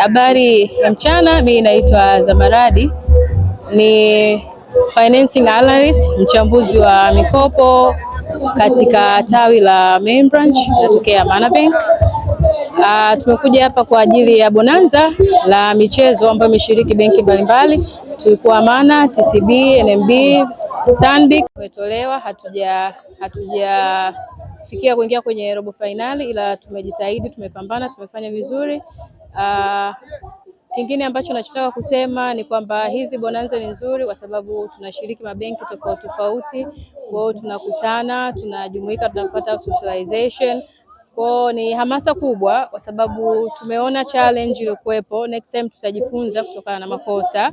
Habari ya mchana, mimi naitwa Zamaradi, ni financing analyst, mchambuzi wa mikopo katika tawi la Main Branch natokea Amana Bank. Uh, tumekuja hapa kwa ajili ya bonanza la michezo ambayo imeshiriki benki mbalimbali. Tulikuwa Amana, TCB, NMB, Stanbic tumetolewa, hatuja hatujafikia kuingia kwenye robo fainali, ila tumejitahidi, tumepambana, tumefanya vizuri. Uh, kingine ambacho nachotaka kusema ni kwamba hizi bonanza ni nzuri kwa sababu tunashiriki mabenki tofauti tofauti, kwa hiyo tunakutana, tunajumuika, tunapata socialization kwao ni hamasa kubwa, kwa sababu tumeona challenge iliyokuwepo. Next time tutajifunza kutokana na makosa.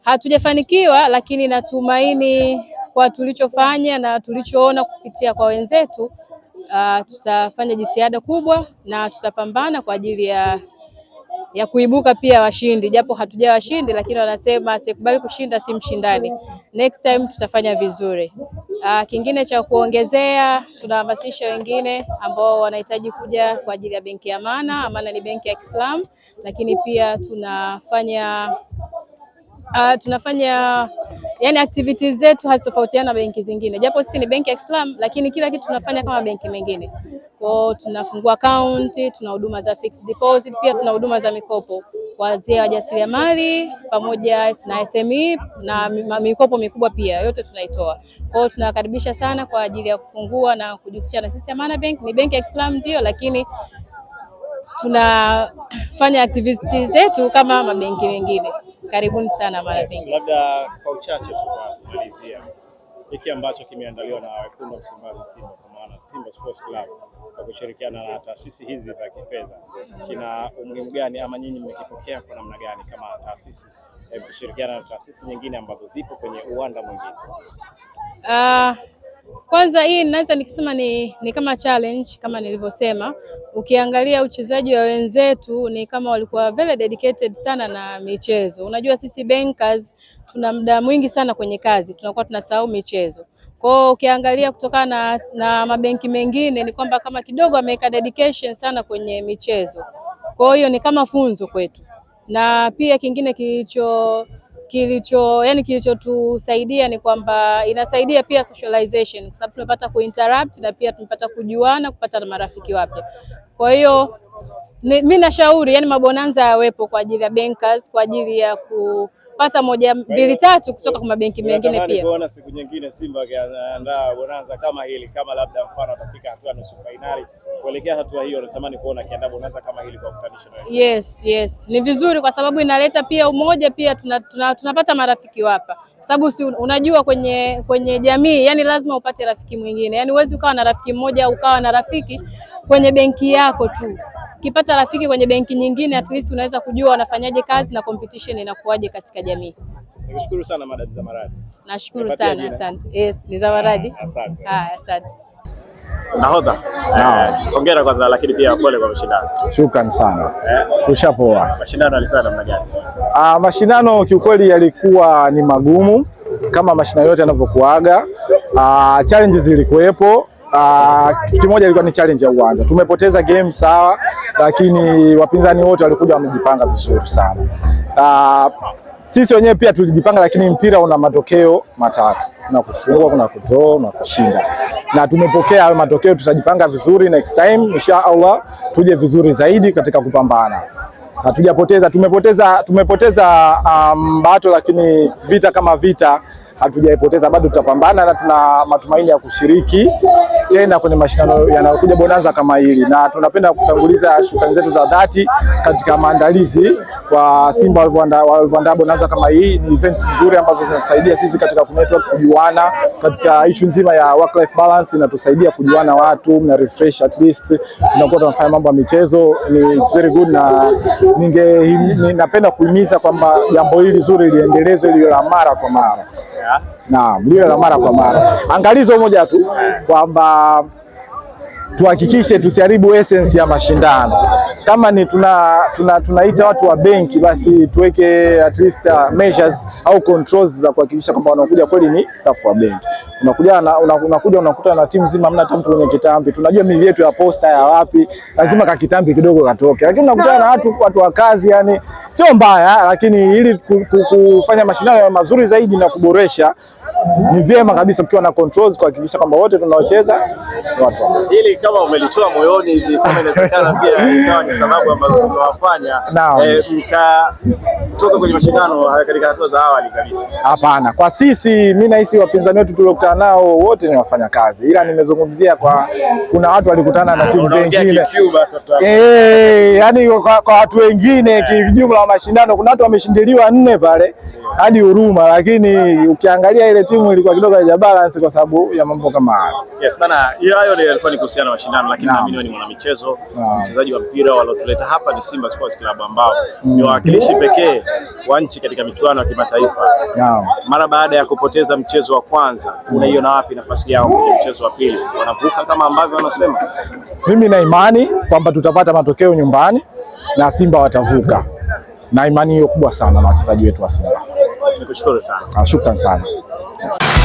Hatujafanikiwa, lakini natumaini kwa tulichofanya na tulichoona kupitia kwa wenzetu, uh, tutafanya jitihada kubwa na tutapambana kwa ajili ya ya kuibuka pia washindi, japo hatuja washindi, lakini wanasema sikubali kushinda si mshindani. Next time tutafanya vizuri. Aa, ah, kingine cha kuongezea, tunahamasisha wengine ambao wanahitaji kuja kwa ajili ya benki ya Amana. Amana ni benki ya Kiislamu, lakini pia tunafanya uh, tunafanya yani activities zetu hazitofautiana na benki zingine, japo sisi ni benki ya Kiislamu, lakini kila kitu tunafanya kama benki mengine. Kwa tunafungua account, tuna huduma za fixed deposit, pia tuna huduma za mikopo kuanzia wajasiriamali pamoja na SME na mikopo mikubwa pia, yote tunaitoa. hiyo tunawakaribisha sana kwa ajili ya kufungua na kujihusisha na sisi. Amana Bank ni benki ya Kiislamu ndio, lakini tunafanya activities zetu kama mabenki mengine. Karibuni sana mara Yes, Labda kwa uchache tu kwa kumalizia hiki ambacho kimeandaliwa na wekundu wa Msimbazi Simba kwa maana Simba Sports Club kwa kushirikiana na taasisi hizi za kifedha kina umuhimu gani, ama nyinyi mmekipokea kwa namna gani kama taasisi kushirikiana na taasisi nyingine ambazo zipo kwenye uwanda mwingine? Uh, kwanza hii naweza nikisema ni, ni kama challenge kama nilivyosema. Ukiangalia uchezaji wa wenzetu ni kama walikuwa very dedicated sana na michezo. Unajua sisi bankers tuna muda mwingi sana kwenye kazi, tunakuwa tunasahau michezo. Kwa hiyo ukiangalia kutokana na, na mabenki mengine ni kwamba kama kidogo ameweka dedication sana kwenye michezo, kwa hiyo ni kama funzo kwetu, na pia kingine kilicho kilicho yani kilichotusaidia ni kwamba inasaidia pia socialization, kwa sababu tumepata kuinterrupt na pia tumepata kujuana, kupata na marafiki wapya. Kwa hiyo mimi nashauri yani mabonanza yawepo kwa ajili ya bankers, kwa ajili ya ku pata moja mbili tatu kutoka kwa mabenki mengine pia. Kuona siku nyingine Simba akiandaa bonanza kama hili, kama labda mfano atafika hatua nusu fainali kuelekea hatua hiyo, natamani kuona akiandaa bonanza kama hili kwa kutanisha. Yes, yes, ni vizuri kwa sababu inaleta pia umoja, pia tunapata tuna, tuna marafiki wapa, kwa sababu si unajua kwenye kwenye jamii yani lazima upate rafiki mwingine, yani huwezi ukawa na rafiki mmoja au ukawa na rafiki kwenye benki yako tu ukipata rafiki kwenye benki nyingine at least unaweza kujua wanafanyaje kazi na competition inakuwaje katika jamii. Nashukuru sana madam Zamaradi. Nashukuru sana asante. Yes, ni Zamaradi. Asante. Ah, asante. Nahodha. Eh, hongera kwanza lakini pia pole kwa mashindano. Shukrani sana. Eh, Kushapoa. Mashindano yalikuwa namna gani? Ah, mashindano kiukweli yalikuwa ni magumu kama mashindano yote yanavyokuaga. Ah, challenges zilikuwepo Ah, kitu kimoja ilikuwa ni challenge ya uwanja. Tumepoteza game sawa, lakini wapinzani wote walikuja wamejipanga vizuri sana. Aa, ah, sisi wenyewe pia tulijipanga, lakini mpira una matokeo matatu, na kufungwa, kuna kutoa na kushinda, na tumepokea hayo matokeo. Tutajipanga vizuri next time insha Allah, tuje vizuri zaidi katika kupambana. Hatujapoteza, tumepoteza, tumepoteza ah, mbato, um, lakini vita kama vita hatujaipoteza bado, tutapambana na tuna matumaini ya kushiriki tena kwenye mashindano yanayokuja bonanza kama hili, na tunapenda kutanguliza shukrani zetu za dhati katika maandalizi kwa Simba walivyoandaa bonanza kama hii. Ni events nzuri ambazo zinatusaidia sisi katika kunetwork, kujuana katika issue nzima ya work life balance, inatusaidia kujuana watu, na refresh at least, tunakuwa tunafanya mambo ya michezo, ni it's very good, na ninge ni, napenda kuhimiza kwamba jambo hili zuri liendelezwe, liwe la mara kwa mara. Naam, lile la mara kwa mara. Angalizo moja tu kwamba tuhakikishe tusiharibu essence ya mashindano kama ni tunaita tuna, tuna watu wa benki basi tuweke at least uh, measures au controls za kuhakikisha kwamba wanakuja kweli ni staff wa benki. Unakuja unakuja unakuta na timu nzima hamna hata mtu kwenye kitambi. Tunajua mili yetu ya posta ya wapi lazima ka kitambi kidogo katoke, lakini unakutana na watu watu wa kazi, yani sio mbaya, lakini ili kufanya mashindano ya mazuri zaidi na kuboresha ni vyema kabisa ukiwa na controls kuhakikisha kwamba wote tunaocheza watu. Hili kama umelitoa moyoni, kama inawezekana pia ni sababu ambazo zimewafanya eh, mkatoka kwenye mashindano eh, katika hatua za awali kabisa? Hapana, kwa sisi mi nahisi wapinzani wetu tuliokutana nao wote ni wafanya kazi ila nimezungumzia kwa kuna watu walikutana na timu zingine eh, yani kwa, kwa watu wengine eh. kijumla wa mashindano kuna watu wameshindiliwa nne pale hadi huruma, lakini ukiangalia ile timu ilikuwa kidogo ya balance kwa sababu ya mambo kama hayo. Yes bana, hiyo hayo ni kuhusiana na mashindano, lakini naamini ni mwanamichezo mchezaji wa mpira alotuleta hapa ni Simba Sports Club ambao mm. ni wawakilishi pekee wa nchi katika michuano ya kimataifa no. Mara baada ya kupoteza mchezo wa kwanza mm. unaiona wapi nafasi yao kwenye mchezo wa pili? Wanavuka kama ambavyo wanasema. Mimi na imani kwamba tutapata matokeo nyumbani na Simba watavuka, na imani hiyo kubwa sana na wachezaji wetu wa Simba. Nikushukuru sana. Asante ah, sana.